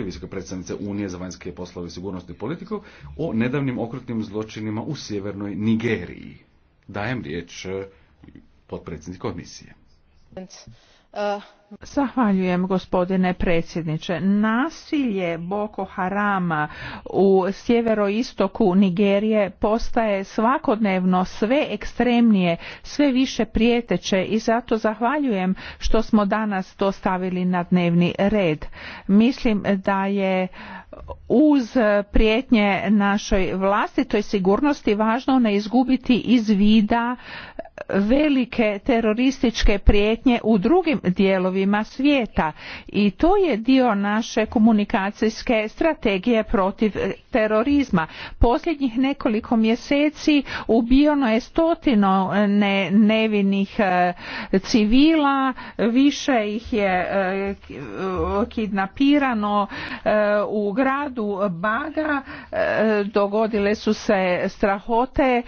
visoke predstavnice Unije za vanjske poslove i sigurnosti i politiku o nedavnim okrutnim zločinima u sjevernoj Nigeriji. Dajem riječ eh, potpredsjednik komisije. Uh Zahvaljujem gospodine predsjedniče. Nasilje Boko Harama u sjeveroistoku Nigerije postaje svakodnevno sve ekstremnije, sve više prijeteće i zato zahvaljujem što smo danas to stavili na dnevni red. Mislim da je uz prijetnje našoj vlastitoj sigurnosti važno ne izgubiti iz vida velike terorističke prijetnje u drugim dijelovima dijelovima svijeta i to je dio naše komunikacijske strategije protiv e, terorizma. Posljednjih nekoliko mjeseci ubijeno je stotino e, ne, nevinih e, civila, više ih je kidnapirano u gradu Baga, dogodile su se strahote,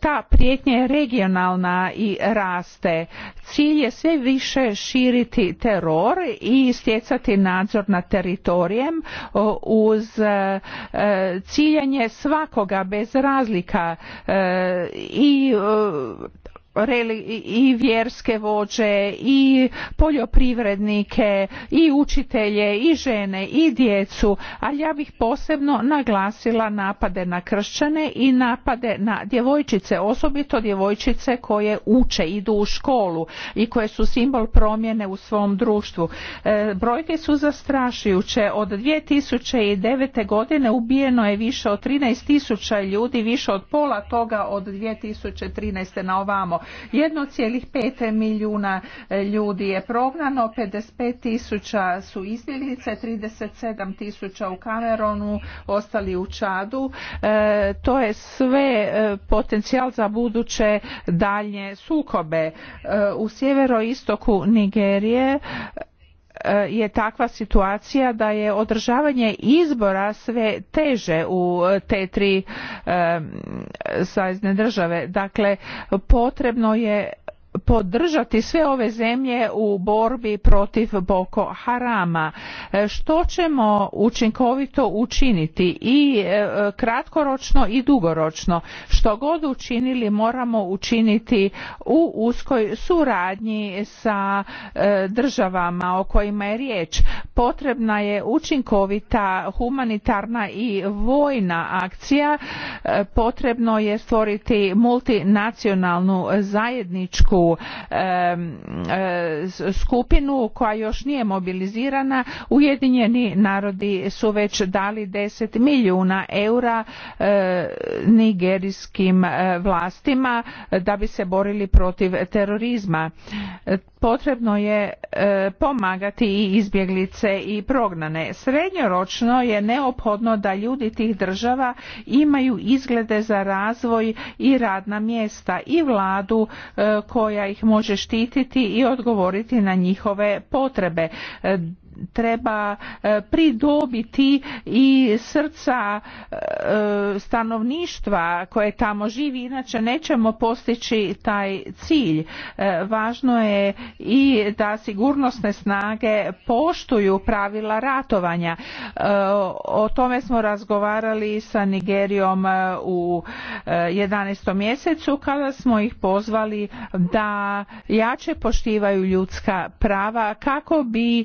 ta prijetnja je regionalna i raste. Cilj je sve više širiti teror i stjecati nadzor nad teritorijem e, uz e, e, ciljanje svakoga bez razlika i i vjerske vođe i poljoprivrednike i učitelje i žene i djecu ali ja bih posebno naglasila napade na kršćane i napade na djevojčice osobito djevojčice koje uče idu u školu i koje su simbol promjene u svom društvu e, brojke su zastrašujuće od 2009. godine ubijeno je više od 13.000 ljudi više od pola toga od 2013. na ovamo 1,5 milijuna e, ljudi je prognano, 55 tisuća su izbjeglice, 37 tisuća u Kameronu, ostali u Čadu. E, to je sve e, potencijal za buduće daljnje sukobe. U sjeveroistoku Nigerije je takva situacija da je održavanje izbora sve teže u eh, te tri eh, savezne države. Dakle, potrebno je podržati sve ove zemlje u borbi protiv Boko Harama. E, što ćemo učinkovito učiniti i e, kratkoročno i dugoročno? Što god učinili moramo učiniti u uskoj suradnji sa e, državama o kojima je riječ. Potrebna je učinkovita humanitarna i vojna akcija. Potrebno je stvoriti multinacionalnu zajedničku E, skupinu koja još nije mobilizirana Ujedinjeni narodi su već dali 10 milijuna eura e, nigerijskim e, vlastima da bi se borili protiv terorizma potrebno je pomagati i izbjeglice i prognane srednjoročno je neophodno da ljudi tih država imaju izglede za razvoj i radna mjesta i vladu koja koja ih može štititi i odgovoriti na njihove potrebe e, treba e, pridobiti i srca e, stanovništva koje tamo živi inače nećemo postići taj cilj e, važno je i da sigurnosne snage poštuju pravila ratovanja o tome smo razgovarali sa Nigerijom u 11. mjesecu kada smo ih pozvali da jače poštivaju ljudska prava kako bi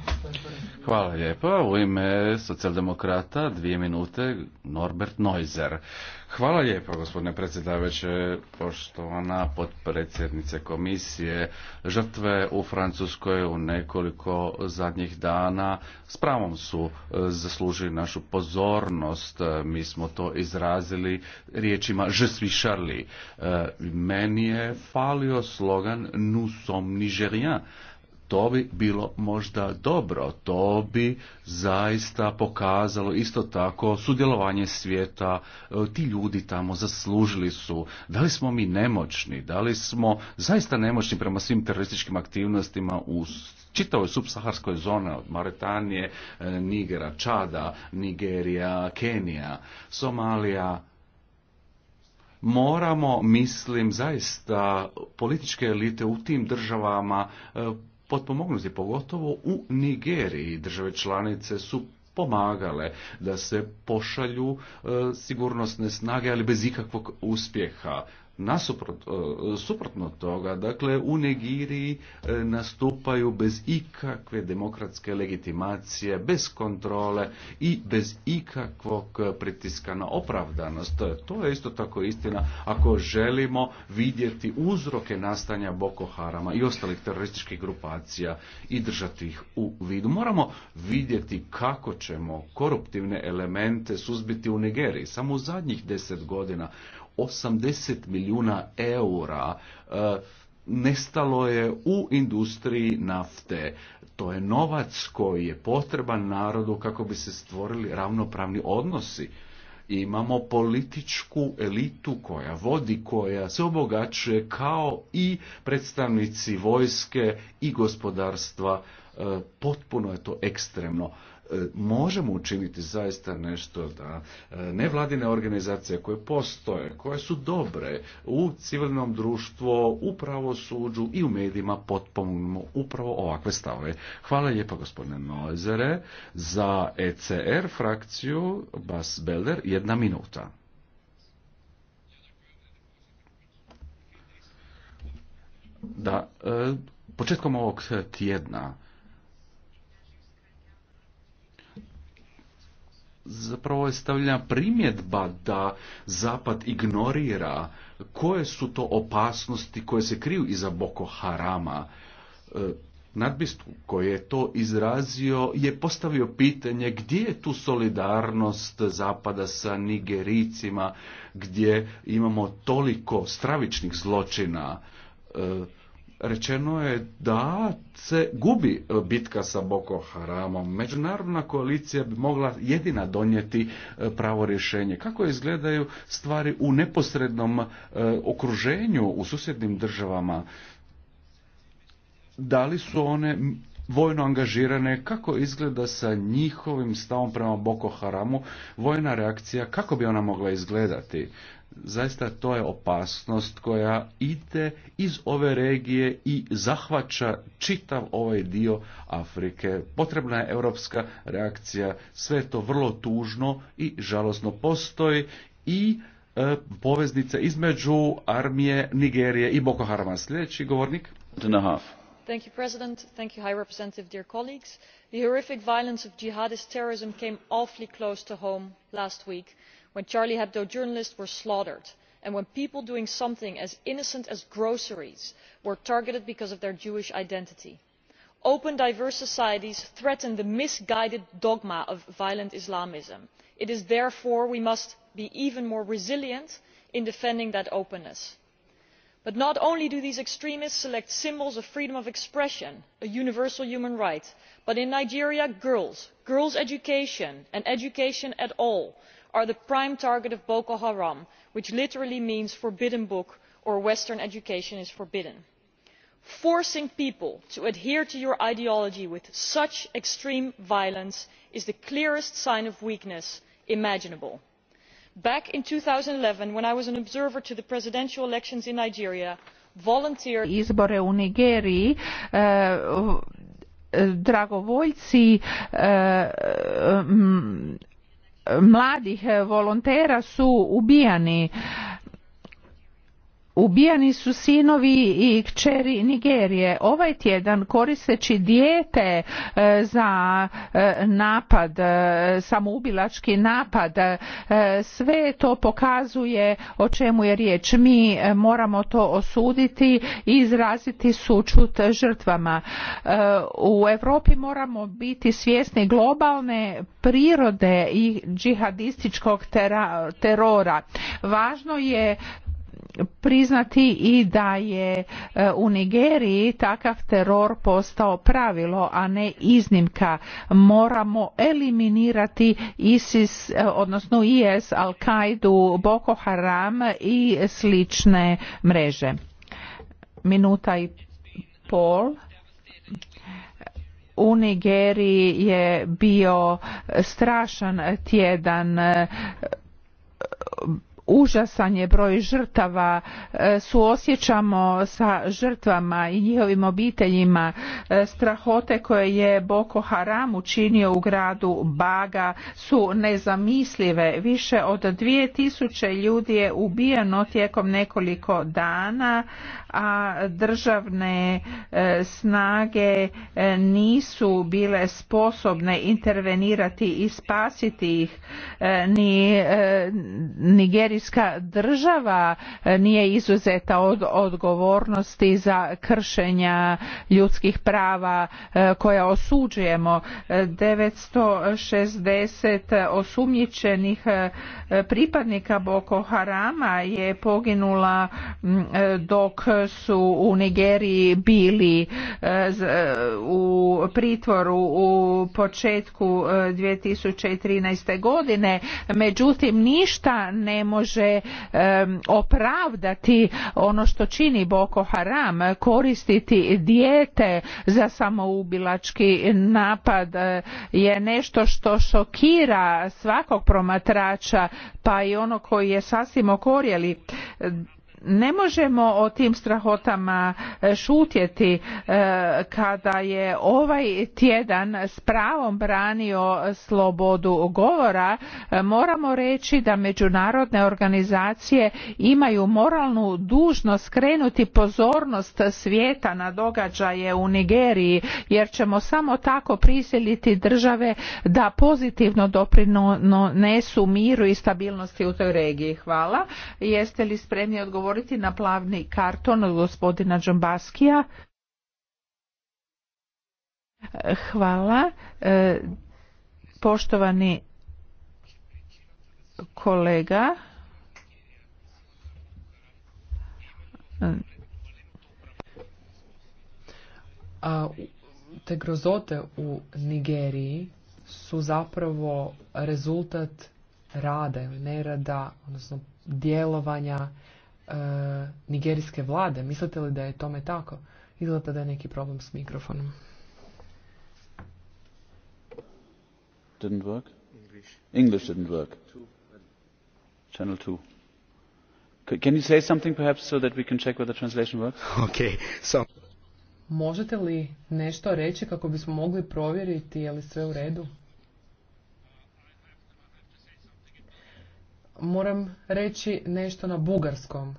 Hvala lijepa. U ime socijaldemokrata dvije minute Norbert Neuser. Hvala lijepo, gospodine predsjedavajuće, poštovana potpredsjednice komisije. Žrtve u Francuskoj u nekoliko zadnjih dana s pravom su e, zaslužili našu pozornost. E, mi smo to izrazili riječima Je suis Charlie. E, meni je falio slogan Nous sommes Nigeriens to bi bilo možda dobro, to bi zaista pokazalo isto tako sudjelovanje svijeta, e, ti ljudi tamo zaslužili su, da li smo mi nemoćni, da li smo zaista nemoćni prema svim terorističkim aktivnostima u čitavoj subsaharskoj zoni od Mauretanije, e, Nigera, Čada, Nigerija, Kenija, Somalija, moramo, mislim, zaista političke elite u tim državama e, potpomognuti, pogotovo u Nigeriji. Države članice su pomagale da se pošalju e, sigurnosne snage, ali bez ikakvog uspjeha nasuprot, e, suprotno toga, dakle u Negiriji e, nastupaju bez ikakve demokratske legitimacije, bez kontrole i bez ikakvog pritiska na opravdanost. To je isto tako istina ako želimo vidjeti uzroke nastanja Boko Harama i ostalih terorističkih grupacija i držati ih u vidu. Moramo vidjeti kako ćemo koruptivne elemente suzbiti u Nigeriji. Samo u zadnjih deset godina 80 milijuna eura e, nestalo je u industriji nafte. To je novac koji je potreban narodu kako bi se stvorili ravnopravni odnosi. Imamo političku elitu koja vodi, koja se obogaćuje kao i predstavnici vojske i gospodarstva. E, potpuno je to ekstremno. E, možemo učiniti zaista nešto da e, nevladine organizacije koje postoje, koje su dobre u civilnom društvu, u pravosuđu i u medijima potpomognemo upravo ovakve stavove. Hvala lijepa gospodine Nozere za ECR frakciju Bas Belder jedna minuta. Da, e, početkom ovog tjedna zapravo je stavljena primjedba da Zapad ignorira koje su to opasnosti koje se kriju iza Boko Harama. E, Nadbist koji je to izrazio je postavio pitanje gdje je tu solidarnost Zapada sa Nigericima, gdje imamo toliko stravičnih zločina. E, rečeno je da se gubi bitka sa Boko Haramom. Međunarodna koalicija bi mogla jedina donijeti e, pravo rješenje. Kako izgledaju stvari u neposrednom e, okruženju u susjednim državama? Da li su one vojno angažirane, kako izgleda sa njihovim stavom prema Boko Haramu, vojna reakcija, kako bi ona mogla izgledati zaista to je opasnost koja ide iz ove regije i zahvaća čitav ovaj dio Afrike. Potrebna je europska reakcija, sve je to vrlo tužno i žalosno postoji i e, između armije Nigerije i Boko Harama. Sljedeći govornik. Thank you, President. Thank you, High Representative, dear colleagues. The horrific violence of jihadist terrorism came awfully close to home last week when charlie hebdo journalists were slaughtered and when people doing something as innocent as groceries were targeted because of their jewish identity. open diverse societies threaten the misguided dogma of violent islamism. It is therefore we must be even more resilient in defending that openness. but not only do these extremists select symbols of freedom of expression a universal human right but in nigeria girls girls' education and education at all are the prime target of boko haram which literally means forbidden book' or western education is forbidden'. forcing people to adhere to your ideology with such extreme violence is the clearest sign of weakness imaginable. back in two thousand and eleven when i was an observer to the presidential elections in nigeria volunteers. izbore u nigeriji e, dragovoljci e, mladih volontera su ubijani ubijani su sinovi i kćeri Nigerije. Ovaj tjedan koristeći dijete e, za e, napad, e, samoubilački napad, sve to pokazuje o čemu je riječ. Mi moramo to osuditi i izraziti sučut žrtvama. U Europi moramo biti svjesni globalne prirode i džihadističkog terora. Važno je priznati i da je e, u Nigeriji takav teror postao pravilo, a ne iznimka. Moramo eliminirati ISIS, e, odnosno IS, al qaidu Boko Haram i slične mreže. Minuta i pol u Nigeriji je bio strašan tjedan e, užasan je broj žrtava e, suosjećamo sa žrtvama i njihovim obiteljima e, strahote koje je Boko Haram učinio u gradu Baga su nezamislive više od 2000 ljudi je ubijeno tijekom nekoliko dana a državne e, snage nisu bile sposobne intervenirati i spasiti ih ni Nigeri Islamska država e, nije izuzeta od odgovornosti za kršenja ljudskih prava e, koja osuđujemo. 960 e, osumnjičenih pripadnika Boko Harama je poginula dok su u Nigeriji bili u pritvoru u početku 2013. godine. Međutim, ništa ne može može opravdati ono što čini Boko Haram, koristiti dijete za samoubilački napad eh, je nešto što šokira svakog promatrača pa i ono koji je sasvim okorjeli ne možemo o tim strahotama e, šutjeti e, kada je ovaj tjedan s pravom branio slobodu govora e, moramo reći da međunarodne organizacije imaju moralnu dužnost krenuti pozornost svijeta na događaje u Nigeriji jer ćemo samo tako prisiliti države da pozitivno doprinesu miru i stabilnosti u toj regiji. Hvala. Jeste li spremni odgovoriti odgovoriti na plavni karton od gospodina Džombaskija. Hvala. E, poštovani kolega, te grozote u Nigeriji su zapravo rezultat rada ili nerada, odnosno djelovanja E, nigerijske vlade. Mislite li da je tome tako? Izgleda da je neki problem s mikrofonom. Didn't work? English. English didn't work. Channel 2. Can you say something perhaps so that we can check whether translation works? Okay. So Možete li nešto reći kako bismo mogli provjeriti je li sve u redu? Moram reći nešto na bugarskom.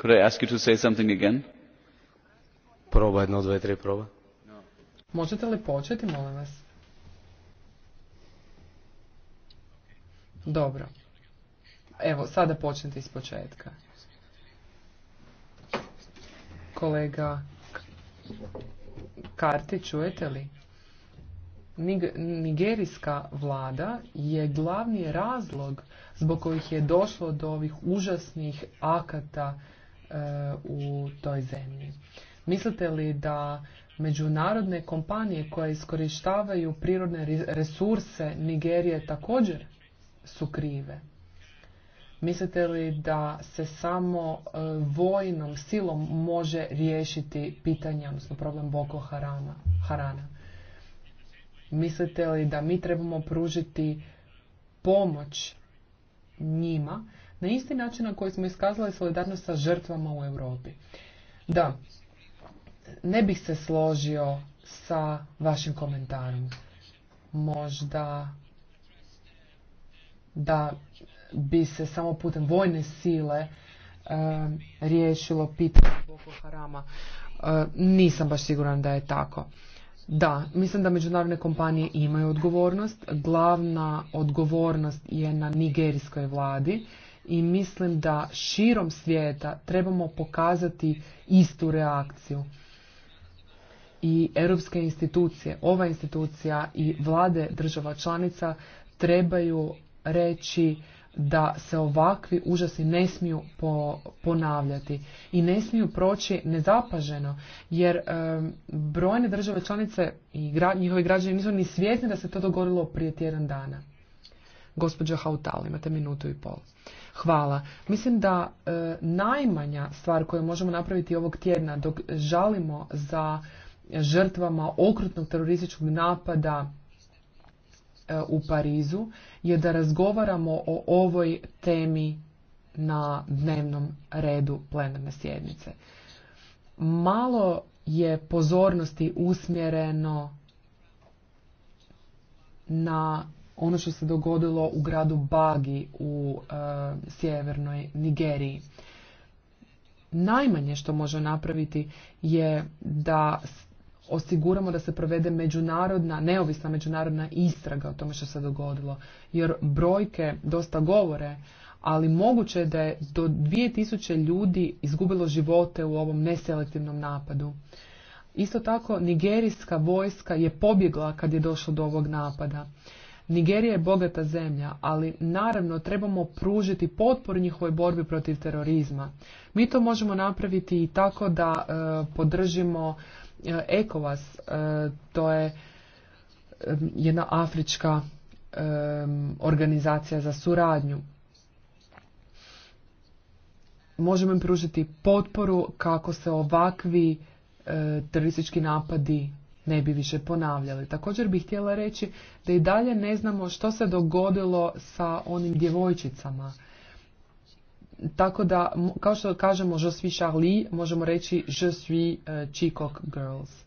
Could I ask you to say something again? Proba jedno, dve, tri, proba. Možete li početi, molim vas? Dobro. Evo, sada počnete iz početka. Kolega Karti, čujete li? Nigerijska vlada je glavni razlog zbog kojih je došlo do ovih užasnih akata e, u toj zemlji. Mislite li da međunarodne kompanije koje iskorištavaju prirodne resurse Nigerije također su krive? Mislite li da se samo e, vojnom silom može riješiti pitanje, odnosno problem Boko Harana? harana? Mislite li da mi trebamo pružiti pomoć njima na isti način na koji smo iskazali solidarnost sa žrtvama u Europi? Da, ne bih se složio sa vašim komentarom. Možda da bi se samo putem vojne sile eh, riješilo pitanje Boko Harama. Eh, nisam baš siguran da je tako. Da, mislim da međunarodne kompanije imaju odgovornost. Glavna odgovornost je na nigerijskoj vladi i mislim da širom svijeta trebamo pokazati istu reakciju. I europske institucije, ova institucija i vlade država članica trebaju reći da se ovakvi užasi ne smiju ponavljati i ne smiju proći nezapaženo jer brojne države članice i njihovi građani nisu ni svjesni da se to dogodilo prije tjedan dana. Gospođa Hautal, imate minutu i pol. Hvala. Mislim da e, najmanja stvar koju možemo napraviti ovog tjedna dok žalimo za žrtvama okrutnog terorističkog napada E, u Parizu je da razgovaramo o ovoj temi na dnevnom redu plenarne sjednice. Malo je pozornosti usmjereno na ono što se dogodilo u gradu Bagi u e, sjevernoj Nigeriji. Najmanje što može napraviti je da osiguramo da se provede međunarodna, neovisna međunarodna istraga o tome što se dogodilo. Jer brojke dosta govore, ali moguće je da je do 2000 ljudi izgubilo živote u ovom neselektivnom napadu. Isto tako, nigerijska vojska je pobjegla kad je došlo do ovog napada. Nigerija je bogata zemlja, ali naravno trebamo pružiti potporu njihovoj borbi protiv terorizma. Mi to možemo napraviti i tako da e, podržimo E, ECOWAS, e, to je e, jedna afrička organizacija za suradnju. Možemo im pružiti potporu kako se ovakvi teroristički napadi ne bi više ponavljali. Također bih htjela reći da i dalje ne znamo što se dogodilo sa onim djevojčicama tako da, kao što kažemo je suis Charlie, možemo reći je suis e, Chicago Girls.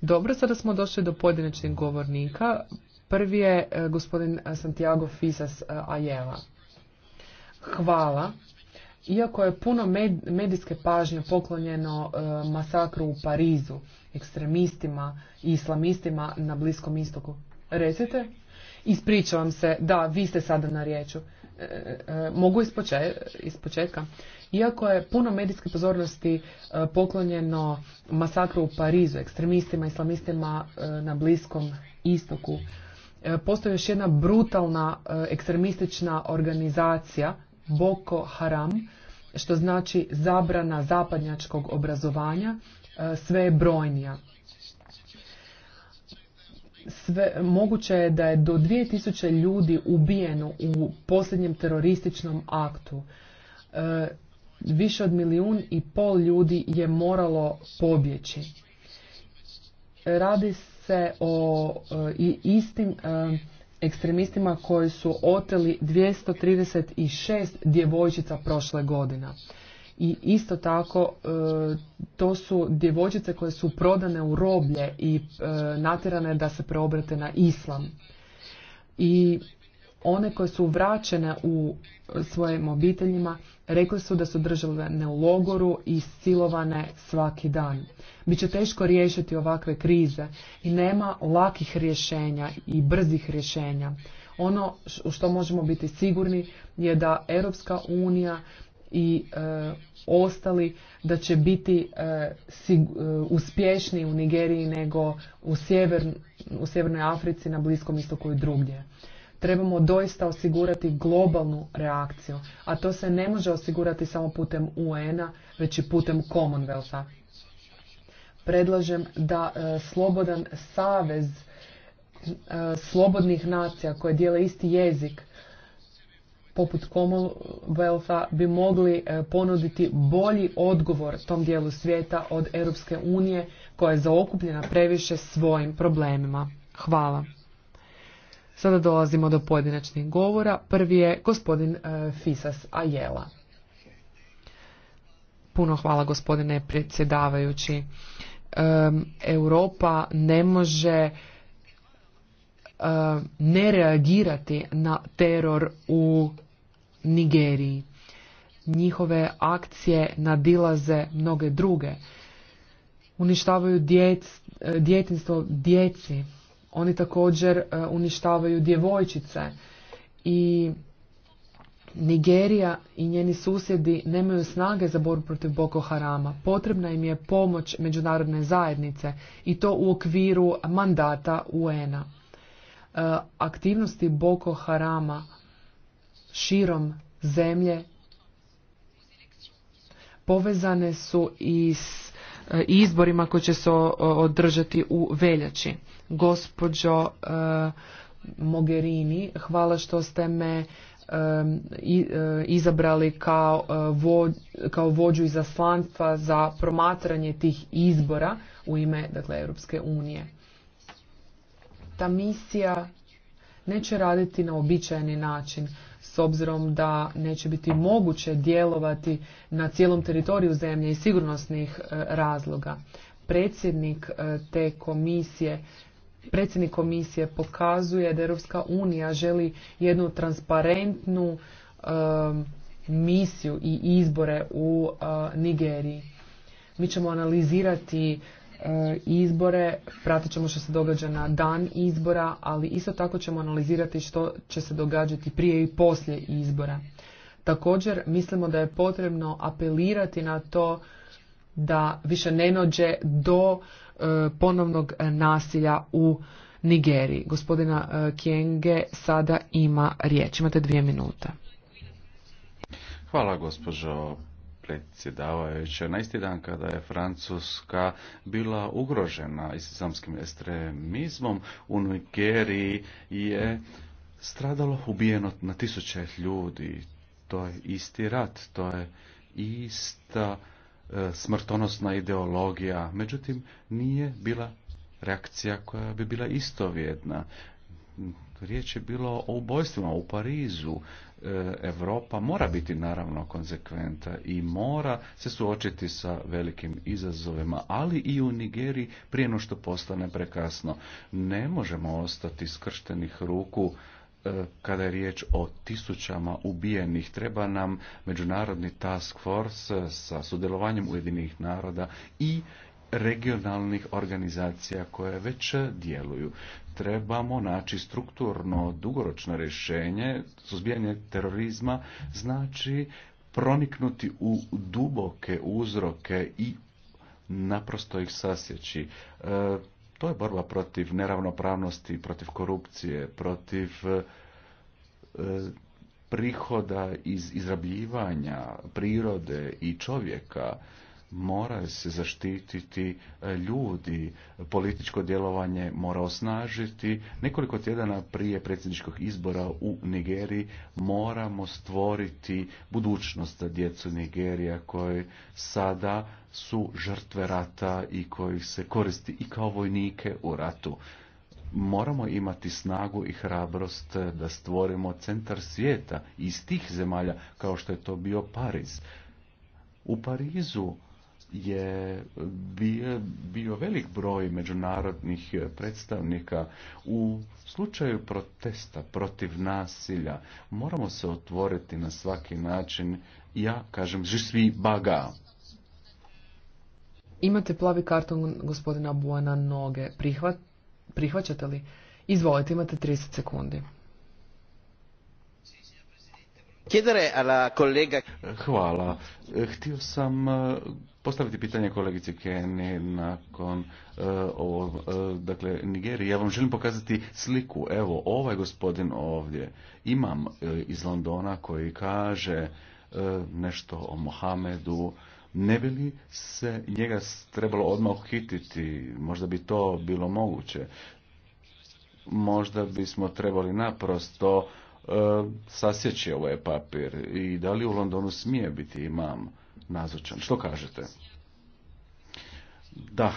Dobro, sada smo došli do pojedinačnih govornika. Prvi je e, gospodin e, Santiago Fisas Ajela. Hvala. Iako je puno medijske pažnje poklonjeno masakru u Parizu, ekstremistima i islamistima na Bliskom istoku. Recite? Ispričavam se, da, vi ste sada na riječu. E, e, mogu ispočetka. Iako je puno medijske pozornosti e, poklonjeno masakru u Parizu, ekstremistima, islamistima na Bliskom istoku, postoji još jedna brutalna ekstremistična organizacija Boko Haram, što znači zabrana zapadnjačkog obrazovanja, sve je brojnija sve, moguće je da je do 2000 ljudi ubijeno u posljednjem terorističnom aktu. E, više od milijun i pol ljudi je moralo pobjeći. Radi se o e, istim e, ekstremistima koji su oteli 236 djevojčica prošle godine i isto tako e, to su djevojčice koje su prodane u roblje i e, natjerane da se preobrate na islam. I one koje su vraćene u svojim obiteljima rekli su da su države u logoru i silovane svaki dan. Biće teško riješiti ovakve krize i nema lakih rješenja i brzih rješenja. Ono u što možemo biti sigurni je da Europska unija i e, ostali da će biti e, e uspješni u Nigeriji nego u, u Sjevernoj Africi, na Bliskom istoku i drugdje. Trebamo doista osigurati globalnu reakciju, a to se ne može osigurati samo putem UN-a, već i putem Commonwealtha. Predlažem da e, slobodan savez slobodnih nacija koje dijele isti jezik poput Commonwealtha bi mogli e, ponuditi bolji odgovor tom dijelu svijeta od Europske unije koja je zaokupljena previše svojim problemima. Hvala. Sada dolazimo do pojedinačnih govora. Prvi je gospodin e, Fisas Ajela. Puno hvala gospodine predsjedavajući. Europa ne može Eh, ne reagirati na teror u Nigeriji. Njihove akcije nadilaze mnoge druge. Uništavaju djec, eh, djetinstvo djeci. Oni također eh, uništavaju djevojčice. I Nigerija i njeni susjedi nemaju snage za borbu protiv Boko Harama. Potrebna im je pomoć međunarodne zajednice i to u okviru mandata UN-a. Eh, aktivnosti Boko Harama širom zemlje povezane su i s eh, izborima koji će se održati u veljači. Gospođo eh, Mogherini, hvala što ste me izabrali kao, kao vođu izaslanstva za promatranje tih izbora u ime dakle, Europske unije ta misija neće raditi na običajni način s obzirom da neće biti moguće djelovati na cijelom teritoriju zemlje i sigurnosnih e, razloga. Predsjednik e, te komisije predsjednik komisije pokazuje da Europska unija želi jednu transparentnu e, misiju i izbore u Nigeriji. Mi ćemo analizirati E, izbore, pratit ćemo što se događa na dan izbora, ali isto tako ćemo analizirati što će se događati prije i poslije izbora. Također mislimo da je potrebno apelirati na to da više ne nođe do e, ponovnog nasilja u Nigeriji. Gospodina e, Kjenge sada ima riječ. Imate dvije minute. Hvala gospođo predsjedavajuća na isti dan kada je Francuska bila ugrožena islamskim ekstremizmom u Nigeriji je stradalo ubijeno na tisuće ljudi. To je isti rat, to je ista e, smrtonosna ideologija. Međutim, nije bila reakcija koja bi bila istovjedna. Riječ je bilo o ubojstvima u Parizu. Europa mora biti naravno konsekventa i mora se suočiti sa velikim izazovima, ali i u Nigeriji prije no što postane prekasno. Ne možemo ostati skrštenih ruku e, kada je riječ o tisućama ubijenih. Treba nam međunarodni task force sa sudjelovanjem Ujedinih naroda i regionalnih organizacija koje već djeluju. Trebamo naći strukturno dugoročno rješenje, suzbijanje terorizma znači proniknuti u duboke uzroke i naprosto ih sasjeći. E, to je borba protiv neravnopravnosti, protiv korupcije, protiv e, prihoda iz izrabljivanja prirode i čovjeka moraju se zaštititi e, ljudi, političko djelovanje mora osnažiti. Nekoliko tjedana prije predsjedničkog izbora u Nigeriji moramo stvoriti budućnost za djecu Nigerija koje sada su žrtve rata i koji se koristi i kao vojnike u ratu moramo imati snagu i hrabrost da stvorimo centar svijeta iz tih zemalja kao što je to bio Pariz. U Parizu je bio velik broj međunarodnih predstavnika u slučaju protesta protiv nasilja. Moramo se otvoriti na svaki način. Ja kažem, že svi baga. Imate plavi karton gospodina Buana Noge. Prihvat, prihvaćate li? Izvolite, imate 30 sekundi. Hvala. Htio sam postaviti pitanje kolegici Keni nakon e, ovo, e, dakle, Nigerije. Ja vam želim pokazati sliku. Evo, ovaj gospodin ovdje, imam e, iz Londona koji kaže nešto o Mohamedu, ne bi li se njega trebalo odmah hititi, možda bi to bilo moguće. Možda bismo trebali naprosto sasjeći ovaj papir i da li u Londonu smije biti imam nazočan. Što kažete? Da,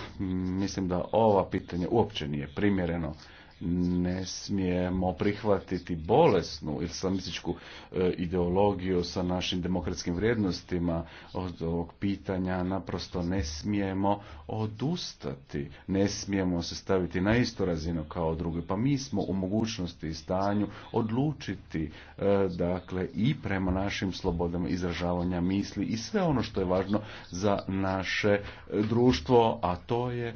mislim da ova pitanja uopće nije primjereno ne smijemo prihvatiti bolesnu islamističku e, ideologiju sa našim demokratskim vrijednostima od ovog pitanja naprosto ne smijemo odustati, ne smijemo se staviti na istu razinu kao druge. Pa mi smo u mogućnosti i stanju odlučiti e, dakle i prema našim slobodama izražavanja misli i sve ono što je važno za naše društvo, a to je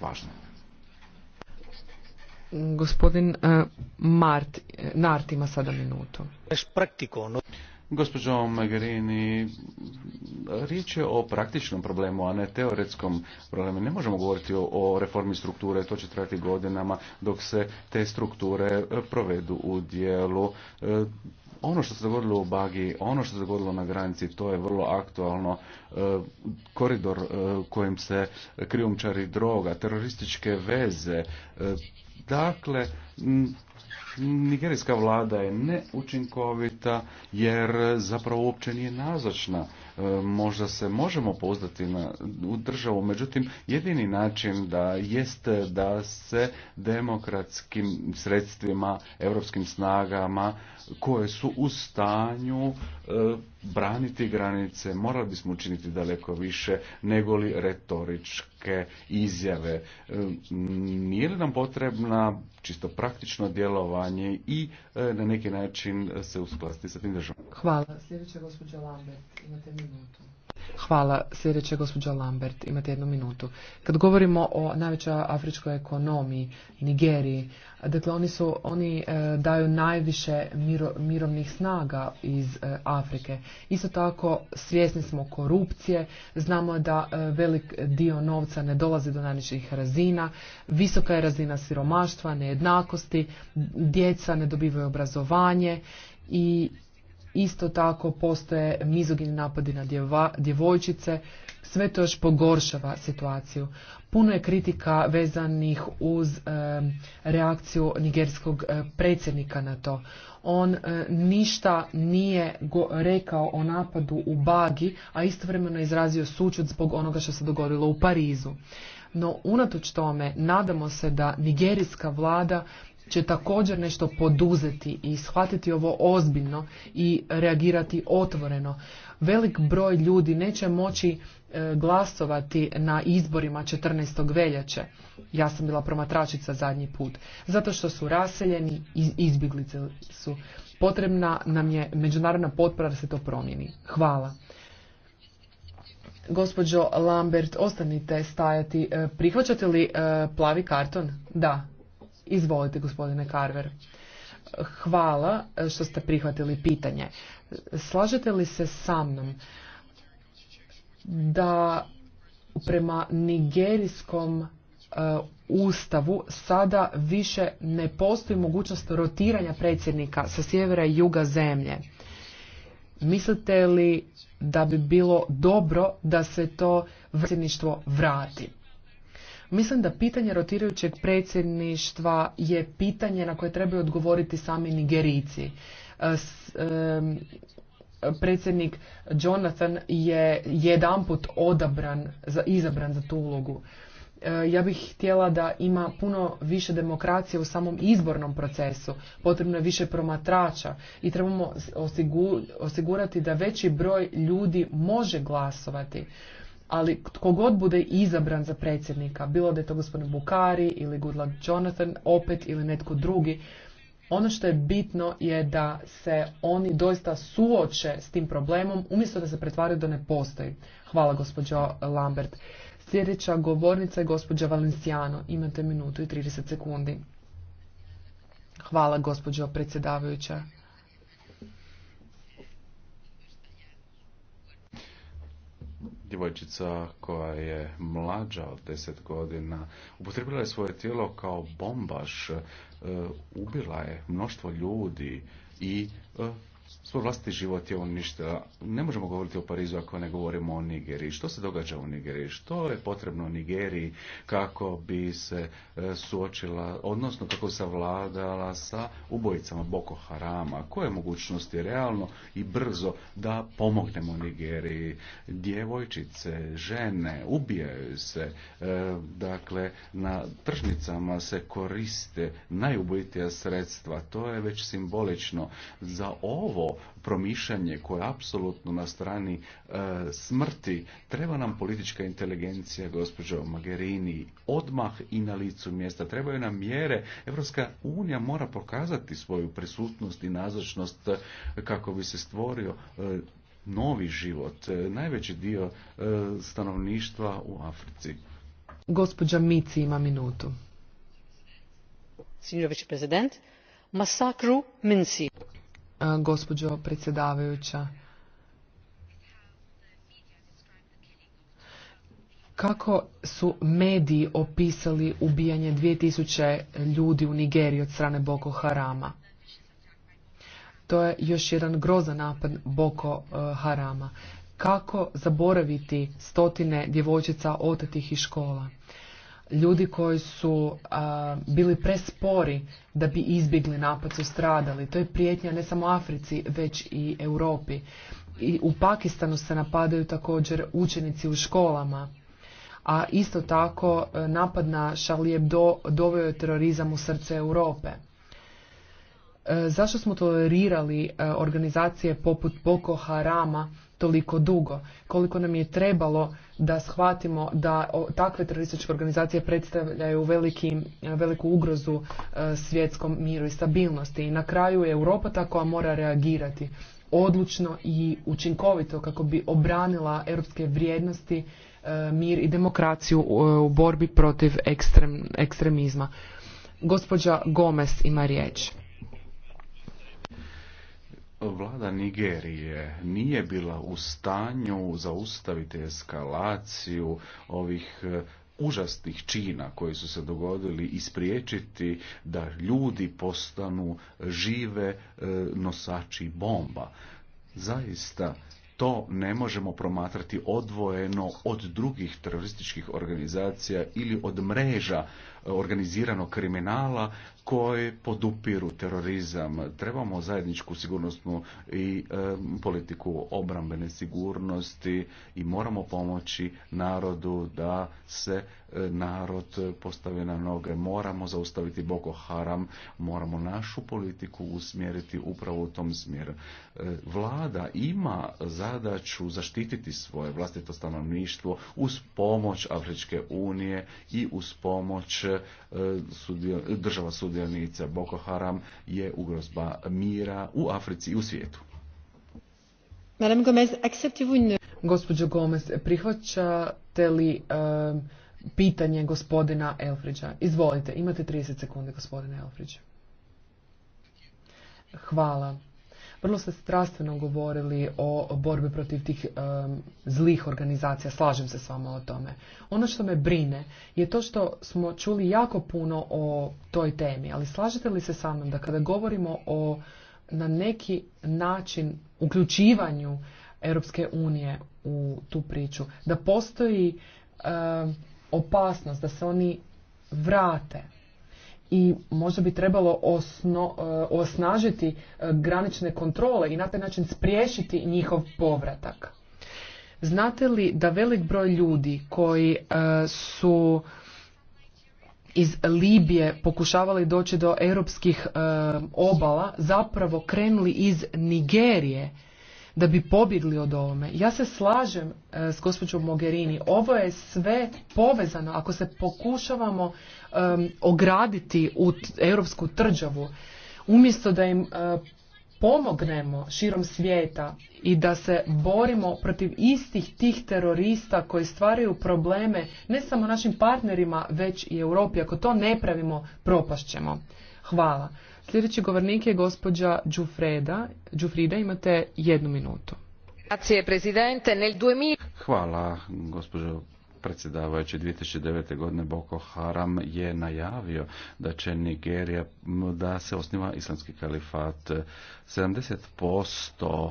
važno. Gospodin e, Mart, Nart ima sada minutu. Gospođo Magarini, riječ je o praktičnom problemu, a ne teoretskom problemu. Ne možemo govoriti o, o reformi strukture, to će trajati godinama dok se te strukture e, provedu u dijelu. E, ono što se dogodilo u Bagi, ono što se dogodilo na granici, to je vrlo aktualno. E, koridor e, kojim se krijumčari droga, terorističke veze. E, dakle, nigerijska vlada je neučinkovita jer zapravo uopće nije nazočna možda se možemo poznati na, u državu, međutim jedini način da jest da se demokratskim sredstvima, europskim snagama koje su u stanju e, braniti granice, morali bismo učiniti daleko više nego li retoričke izjave. E, nije li nam potrebna čisto praktično djelovanje i e, na neki način se usklasti sa tim državom? Hvala. Sljedeća gospođa Lambert, imate mi Hvala. Sljedeće gospođa Lambert, imate jednu minutu. Kad govorimo o najvećoj afričkoj ekonomiji, Nigeriji, dakle oni su, oni e, daju najviše mirovnih snaga iz e, Afrike. Isto tako svjesni smo korupcije, znamo da e, velik dio novca ne dolazi do najnižih razina, visoka je razina siromaštva, nejednakosti, djeca ne dobivaju obrazovanje i Isto tako postoje mizogini napadi na djevojčice, sve to još pogoršava situaciju. Puno je kritika vezanih uz reakciju nigerskog e, predsjednika na to. On e, ništa nije go rekao o napadu u Bagi, a istovremeno izrazio sućut zbog onoga što se dogodilo u Parizu. No, unatoč tome, nadamo se da nigerijska vlada će također nešto poduzeti i shvatiti ovo ozbiljno i reagirati otvoreno. Velik broj ljudi neće moći e, glasovati na izborima 14. veljače. Ja sam bila promatračica zadnji put. Zato što su raseljeni i izbjeglice su. Potrebna nam je međunarodna potpora da se to promijeni. Hvala. Gospođo Lambert, ostanite stajati. E, prihvaćate li e, plavi karton? Da. Izvolite, gospodine Carver. Hvala e, što ste prihvatili pitanje. Slažete li se sa mnom da prema nigerijskom e, ustavu sada više ne postoji mogućnost rotiranja predsjednika sa sjevera i juga zemlje. Mislite li da bi bilo dobro da se to predsjedništvo vrati? Mislim da pitanje rotirajućeg predsjedništva je pitanje na koje trebaju odgovoriti sami Nigerici. E, e, predsjednik Jonathan je jedanput odabran, izabran za tu ulogu. E, ja bih htjela da ima puno više demokracije u samom izbornom procesu, potrebno je više promatrača i trebamo osigurati da veći broj ljudi može glasovati ali tko god bude izabran za predsjednika, bilo da je to gospodin Bukari ili Goodluck Jonathan opet ili netko drugi, ono što je bitno je da se oni doista suoče s tim problemom umjesto da se pretvaraju da ne postoji. Hvala gospođo Lambert. Sljedeća govornica je gospođa Valenciano. Imate minutu i 30 sekundi. Hvala gospođo predsjedavajuća. djevojčica koja je mlađa od deset godina upotrebila je svoje tijelo kao bombaš, e, ubila je mnoštvo ljudi i e, svoj vlastiti život je ništa Ne možemo govoriti o Parizu ako ne govorimo o Nigeriji. Što se događa u Nigeriji? Što je potrebno u Nigeriji kako bi se e, suočila, odnosno kako se vladala sa ubojicama Boko Harama? Koje mogućnosti realno i brzo da pomognemo Nigeriji? Djevojčice, žene, ubijaju se, e, dakle, na tržnicama se koriste najubojitija sredstva. To je već simbolično. Za ovo promišanje promišljanje koje je apsolutno na strani e, smrti. Treba nam politička inteligencija, gospođo Magerini, odmah i na licu mjesta. Trebaju nam mjere. Evropska unija mora pokazati svoju prisutnost i nazočnost kako bi se stvorio e, novi život. E, najveći dio stanovništva u Africi. Gospođa Mici ima minutu. Signor prezident, masakru minci... E, gospođo predsjedavajuća. Kako su mediji opisali ubijanje 2000 ljudi u Nigeriji od strane Boko Harama? To je još jedan grozan napad Boko e, Harama. Kako zaboraviti stotine djevojčica otetih iz škola? ljudi koji su bili prespori da bi izbjegli napad su stradali. To je prijetnja ne samo Africi, već i Europi. I u Pakistanu se napadaju također učenici u školama. A isto tako e, napad na Charlie doveo je terorizam u srce Europe. E, zašto smo tolerirali e, organizacije poput Boko Harama toliko dugo, koliko nam je trebalo da shvatimo da takve terorističke organizacije predstavljaju veliki, veliku ugrozu e, svjetskom miru i stabilnosti. I na kraju je Europa ta koja mora reagirati odlučno i učinkovito kako bi obranila europske vrijednosti, e, mir i demokraciju u borbi protiv ekstrem, ekstremizma. Gospođa Gomez ima riječ vlada Nigerije nije bila u stanju zaustaviti eskalaciju ovih e, užasnih čina koji su se dogodili i spriječiti da ljudi postanu žive e, nosači bomba. Zaista to ne možemo promatrati odvojeno od drugih terorističkih organizacija ili od mreža organiziranog kriminala koji podupiru terorizam. Trebamo zajedničku sigurnosnu i e, politiku obrambene sigurnosti i moramo pomoći narodu da se e, narod postavi na noge. Moramo zaustaviti Boko Haram, moramo našu politiku usmjeriti upravo u tom smjeru. E, vlada ima zadaću zaštititi svoje vlastito stanovništvo uz pomoć Afričke unije i uz pomoć država sudionica Boko Haram je ugrozba mira u Africi i u svijetu. Madame Gomez, une... Gospodžo Gomez, prihvaćate li pitanje gospodina Elfridža? Izvolite, imate 30 sekunde gospodine Elfridž. Hvala. Vrlo ste strastveno govorili o borbi protiv tih zlih organizacija, slažem se s vama o tome. Ono što me brine je to što smo čuli jako puno o toj temi, ali slažete li se sa mnom da kada govorimo o na neki način uključivanju Europske unije u tu priču, da postoji opasnost da se oni vrate i možda bi trebalo eh, osnažiti eh, granične kontrole i na taj način spriješiti njihov povratak. Znate li da velik broj ljudi koji eh, su iz Libije pokušavali doći do europskih obala zapravo krenuli iz Nigerije da bi pobjegli od ovome. Ja se slažem e, s gospođom Mogherini. Ovo je sve povezano. Ako se pokušavamo ograditi u europsku trđavu, umjesto da im e, pomognemo širom svijeta i da se borimo protiv istih tih terorista koji stvaraju probleme ne samo našim partnerima, već i Europi. Ako to ne pravimo, propašćemo. Hvala. Sljedeći govornik je gospođa Đufreda. Đufrida, imate jednu minutu. Hvala, gospođo predsjedavajući 2009. godine Boko Haram je najavio da će Nigerija, da se osniva islamski kalifat. 70%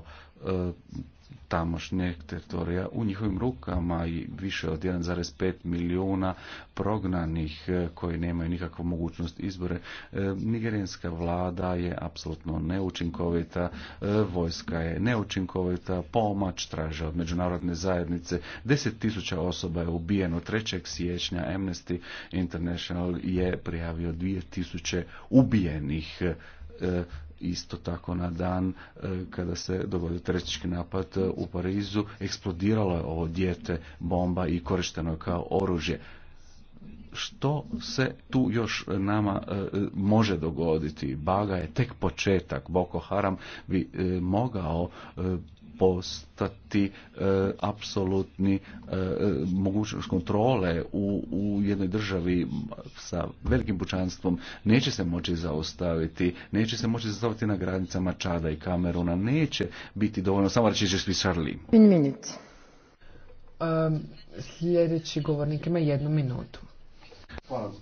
tamošnjeg teritorija u njihovim rukama i više od 1,5 milijuna prognanih e, koji nemaju nikakvu mogućnost izbore. E, nigerijanska vlada je apsolutno neučinkovita, e, vojska je neučinkovita, pomoć traže od međunarodne zajednice. 10.000 osoba je ubijeno 3. siječnja. Amnesty International je prijavio 2.000 ubijenih isto tako na dan e, kada se dogodio teroristički napad e, u Parizu eksplodiralo je ovo dijete bomba i korišteno je kao oružje što se tu još nama e, može dogoditi. Baga je tek početak. Boko Haram bi mogao postati e, apsolutni e, mogućnost kontrole u, u jednoj državi sa velikim pučanstvom neće se moći zaustaviti, neće se moći zaustaviti na granicama Čada i Kameruna, neće biti dovoljno, samo reći će svi Šarli. Um, sljedeći govornik ima jednu minutu. Hvala.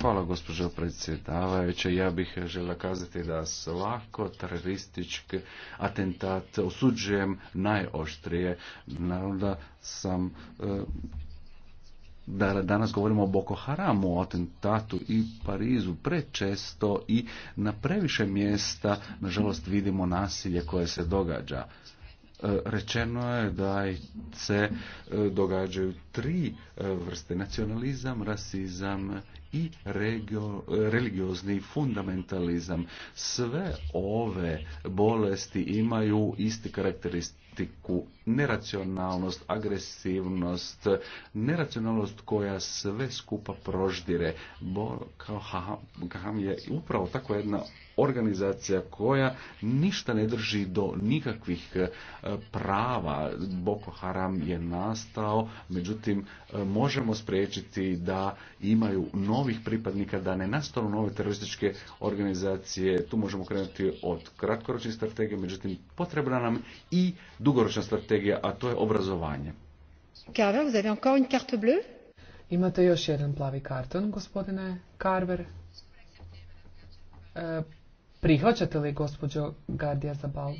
Hvala gospođo predsjedavajuće. Ja bih žela kazati da svako teroristički atentat osuđujem najoštrije. Naravno sam e, da danas govorimo o Boko Haramu, o atentatu i Parizu prečesto i na previše mjesta nažalost vidimo nasilje koje se događa. E, rečeno je da se e, događaju tri vrste, nacionalizam, rasizam i religiozni fundamentalizam. Sve ove bolesti imaju isti karakteristike politiku, neracionalnost, agresivnost, neracionalnost koja sve skupa proždire. Bo, kao je upravo tako jedna organizacija koja ništa ne drži do nikakvih e, prava. Boko Haram je nastao, međutim e, možemo spriječiti da imaju novih pripadnika, da ne nastanu nove terorističke organizacije. Tu možemo krenuti od kratkoročnih strategija, međutim potrebna nam i dugoročna strategija, a to je obrazovanje. Carver, vous avez encore une carte bleue? Imate još jedan plavi karton, gospodine Carver. E, prihvaćate li, gospođo Gardija Zabal?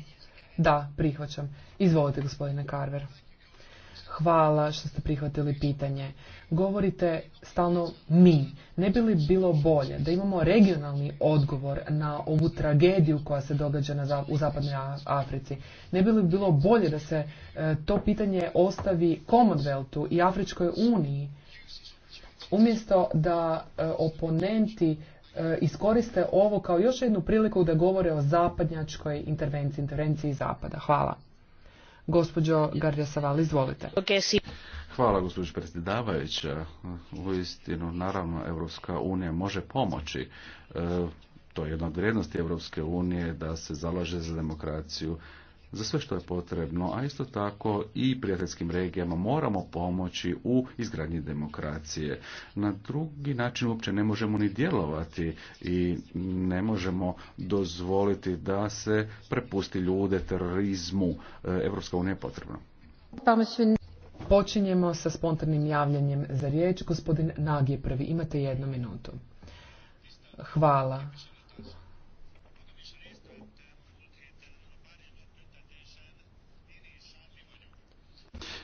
Da, prihvaćam. Izvolite, gospodine Carver. Hvala što ste prihvatili pitanje. Govorite stalno mi. Ne bi li bilo bolje da imamo regionalni odgovor na ovu tragediju koja se događa u zapadnoj Africi? Ne bi li bilo bolje da se e, to pitanje ostavi Commonwealthu i Afričkoj uniji? Umjesto da e, oponenti e, iskoriste ovo kao još jednu priliku da govore o zapadnjačkoj intervenciji, intervenciji zapada. Hvala. Gospođo Gardja Savali, izvolite. Hvala gospođo predsjedavajuća. U istinu, naravno, Europska unija može pomoći e, to je jedna od vrijednosti Europske unije da se zalaže za demokraciju, za sve što je potrebno, a isto tako i prijateljskim regijama moramo pomoći u izgradnji demokracije. Na drugi način uopće ne možemo ni djelovati i ne možemo dozvoliti da se prepusti ljude terorizmu. E, Evropska unija je potrebna. Počinjemo sa spontanim javljanjem za riječ. Gospodin nagije prvi. Imate jednu minutu. Hvala.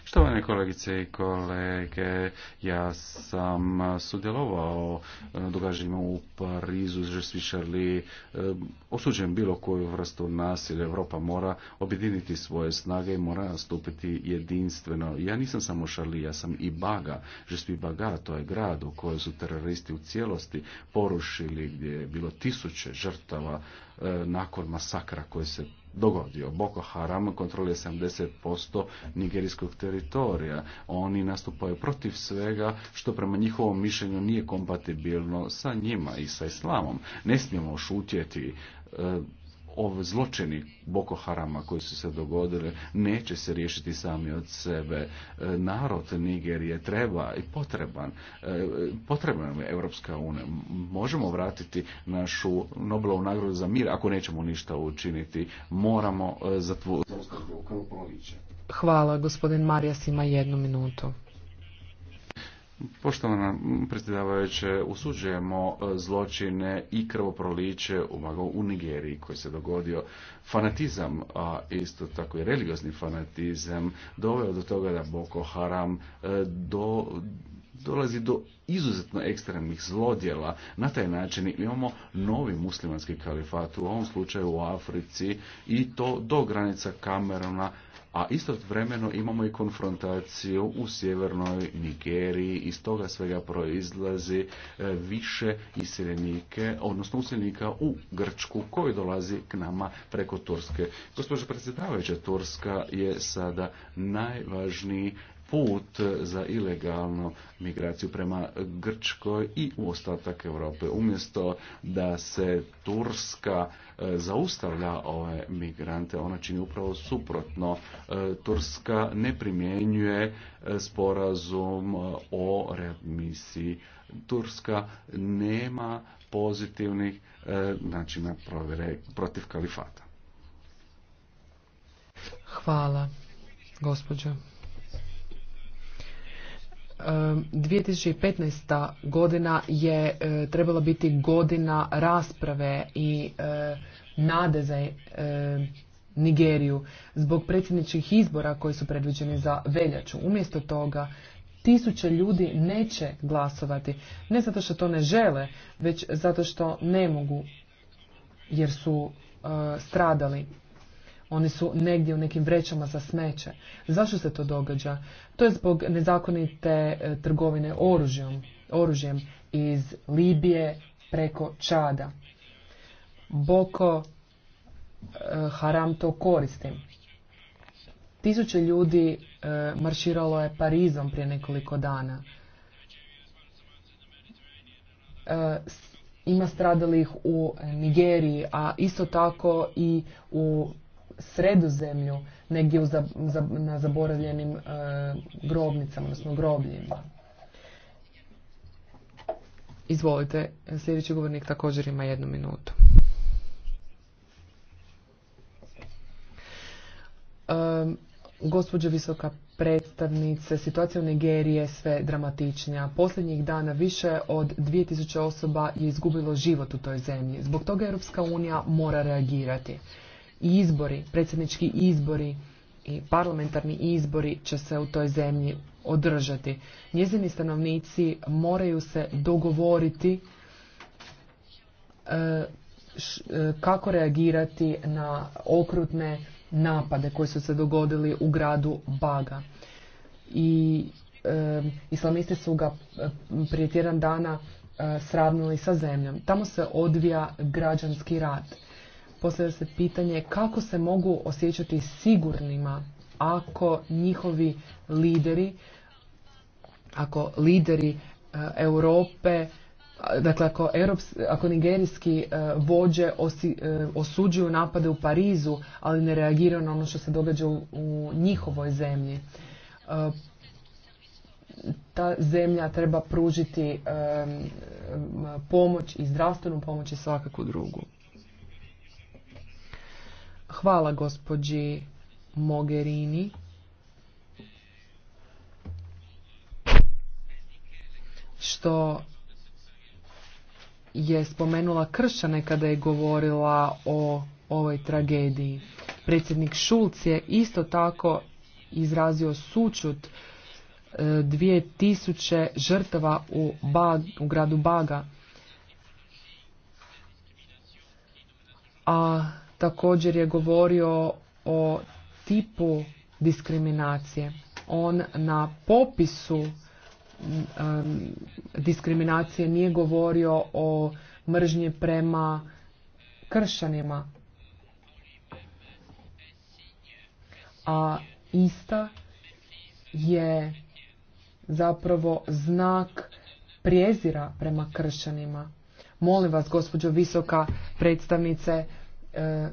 Štovane kolegice i kolege, ja sam sudjelovao e, događajima u Parizu, Šarli, e, osuđen bilo koju vrstu nasilja. Europa mora objediniti svoje snage i mora nastupiti jedinstveno. Ja nisam samo Šarli, ja sam i Baga. Žesvi Baga, to je grad u kojem su teroristi u cijelosti porušili, gdje je bilo tisuće žrtava e, nakon masakra koje se dogodio. Boko Haram kontroluje 70% nigerijskog teritorija. Oni nastupaju protiv svega što prema njihovom mišljenju nije kompatibilno sa njima i sa islamom. Ne smijemo šutjeti e, ove zločini Boko Harama koji su se dogodile neće se riješiti sami od sebe. E, narod Nigerije treba i potreban. E, Potrebna je Europska unija. Možemo vratiti našu Nobelovu nagradu za mir ako nećemo ništa učiniti. Moramo e, zatvoriti. Hvala, gospodin Marijas ima jednu minutu. Poštovana predsjedavajuće, usuđujemo e, zločine i krvoproliće u, u Nigeriji koji se dogodio. Fanatizam, a isto tako i religiozni fanatizam, doveo do toga da Boko Haram e, do, dolazi do izuzetno ekstremnih zlodjela. Na taj način imamo novi muslimanski kalifat, u ovom slučaju u Africi, i to do granica Kamerona, a istovremeno imamo i konfrontaciju u sjevernoj Nigeriji, iz toga svega proizlazi e, više iseljenike, odnosno useljenika u Grčku koji dolazi k nama preko Turske. Gospođo predsjedavajuća, Turska je sada najvažniji put za ilegalnu migraciju prema Grčkoj i u ostatak Europe. Umjesto da se Turska e, zaustavlja ove migrante, ona čini upravo suprotno. E, Turska ne primjenjuje e, sporazum o readmisiji. Turska nema pozitivnih načina provjere protiv kalifata. Hvala, gospođo 2015. godina je e, trebala biti godina rasprave i e, nade za e, Nigeriju zbog predsjedničkih izbora koji su predviđeni za veljaču. Umjesto toga tisuće ljudi neće glasovati. Ne zato što to ne žele, već zato što ne mogu jer su stradali. Oni su negdje u nekim vrećama za smeće. Zašto se to događa? To je zbog nezakonite e, trgovine oružjem, oružjem iz Libije preko Čada. Boko e, Haram to koristim. Tisuće ljudi e, marširalo je Parizom prije nekoliko dana. Ima stradalih u Nigeriji, a isto tako i u sredozemlju, negdje na zaboravljenim e, grobnicama, odnosno grobljima. Izvolite, sljedeći govornik također ima jednu minutu. E, visoka predstavnice, situacija u Nigeriji je sve dramatičnija. Posljednjih dana više od 2000 osoba je izgubilo život u toj zemlji. Zbog toga Europska unija mora reagirati izbori, predsjednički izbori i parlamentarni izbori će se u toj zemlji održati. Njezini stanovnici moraju se dogovoriti e, e, kako reagirati na okrutne napade koji su se dogodili u gradu Baga. I e, islamisti su ga prije tjedan dana sravnili sa zemljom. Tamo se odvija građanski rat postavlja se pitanje kako se mogu osjećati sigurnima ako njihovi lideri, ako lideri e, Europe, dakle ako, Europs, ako nigerijski e, vođe e, osuđuju napade u Parizu, ali ne reagiraju na ono što se događa u, u njihovoj zemlji. Ta zemlja treba pružiti pomoć i zdravstvenu pomoć i svakakvu drugu. Hvala gospođi Mogherini. Što je spomenula kršćane kada je govorila o ovoj tragediji. Predsjednik Šulc je isto tako izrazio sučut 2000 e, žrtava u, u gradu Baga. A Također je govorio o tipu diskriminacije. On na popisu mm, um, diskriminacije nije govorio o mržnji prema kršanima. A ista je zapravo znak prijezira prema kršanima. Molim vas, gospođo visoka predstavnice, E,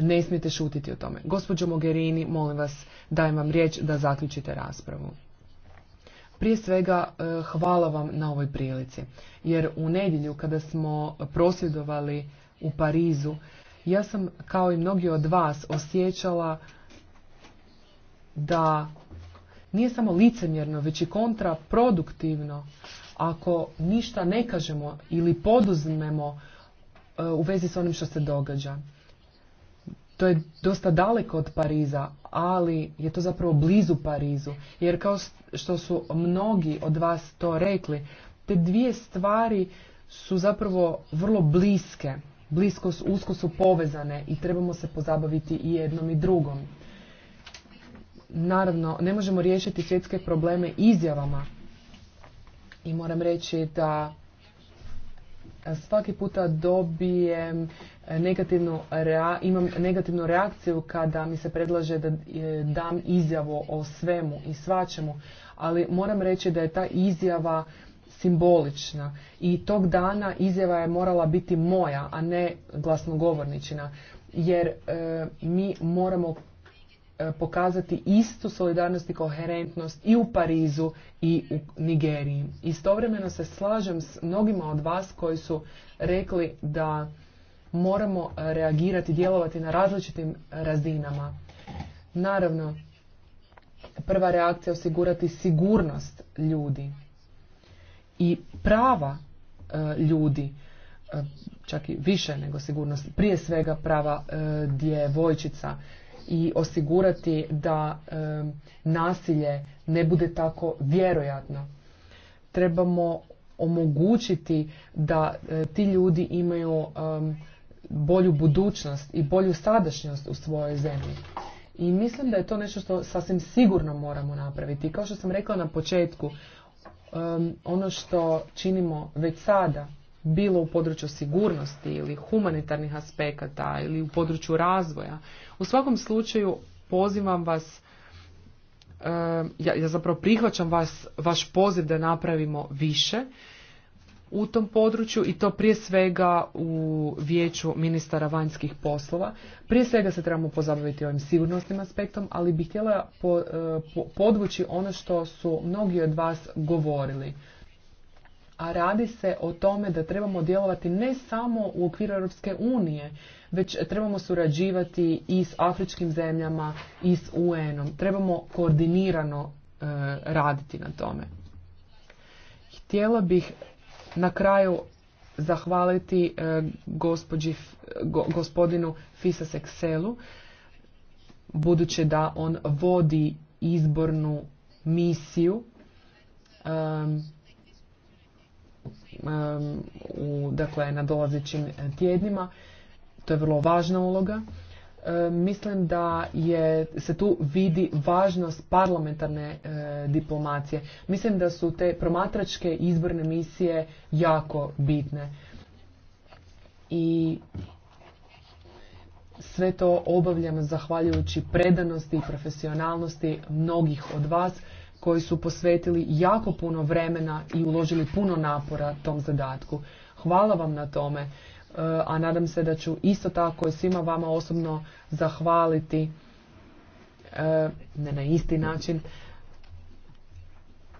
ne smijete šutiti o tome. Gospođo Mogherini, molim vas, dajem vam riječ da zaključite raspravu. Prije svega e, hvala vam na ovoj prilici, jer u nedjelju kada smo prosvjedovali u Parizu, ja sam kao i mnogi od vas osjećala da nije samo licemjerno, već i kontraproduktivno ako ništa ne kažemo ili poduzmemo E, u vezi s onim što se događa. To je dosta daleko od Pariza, ali je to zapravo blizu Parizu. Jer kao što su mnogi od vas to rekli, te dvije stvari su zapravo vrlo bliske, blisko, usko su povezane i trebamo se pozabaviti i jednom i drugom. Naravno, ne možemo riješiti svjetske probleme izjavama. I moram reći da svaki puta dobijem negativnu imam negativnu reakciju kada mi se predlaže da e, dam izjavu o svemu i svačemu, ali moram reći da je ta izjava simbolična i tog dana izjava je morala biti moja, a ne glasnogovorničina jer e, mi moramo E, pokazati istu solidarnost i koherentnost i u Parizu i u Nigeriji. Istovremeno se slažem s mnogima od vas koji su rekli da moramo reagirati, djelovati na različitim razinama. Naravno, prva reakcija je osigurati sigurnost ljudi i prava e, ljudi, e, čak i više nego sigurnost, prije svega prava djevojčica i osigurati da nasilje ne bude tako vjerojatno. Trebamo omogućiti da e, ti ljudi imaju bolju budućnost i bolju sadašnjost u svojoj zemlji. I mislim da je to nešto što sasvim sigurno moramo napraviti. I kao što sam rekla na početku, ono što činimo već sada bilo u području sigurnosti ili humanitarnih aspekata ili u području razvoja. U svakom slučaju pozivam vas, eh, ja, zapravo prihvaćam vas, vaš poziv da napravimo više u tom području i to prije svega u vijeću ministara vanjskih poslova. Prije svega se trebamo pozabaviti ovim sigurnosnim aspektom, ali bih htjela eh, podvući ono što su mnogi od vas govorili a radi se o tome da trebamo djelovati ne samo u okviru Europske unije, već trebamo surađivati i s afričkim zemljama i s UN-om. Trebamo koordinirano e, raditi na tome. Htjela bih na kraju zahvaliti e, gospodinu Fisa Sekselu, budući da on vodi izbornu misiju e, u dakle, nadolazećim tjednima. To je vrlo važna uloga. Mislim da je, se tu vidi važnost parlamentarne e, diplomacije. Mislim da su te promatračke izborne misije jako bitne. I sve to obavljam zahvaljujući predanosti i profesionalnosti mnogih od vas koji su posvetili jako puno vremena i uložili puno napora tom zadatku. Hvala vam na tome, e, a nadam se da ću isto tako i svima vama osobno zahvaliti, e, ne na isti način,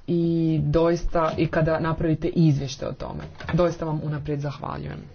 i doista i kada napravite izvješte o tome. Doista vam unaprijed zahvaljujem.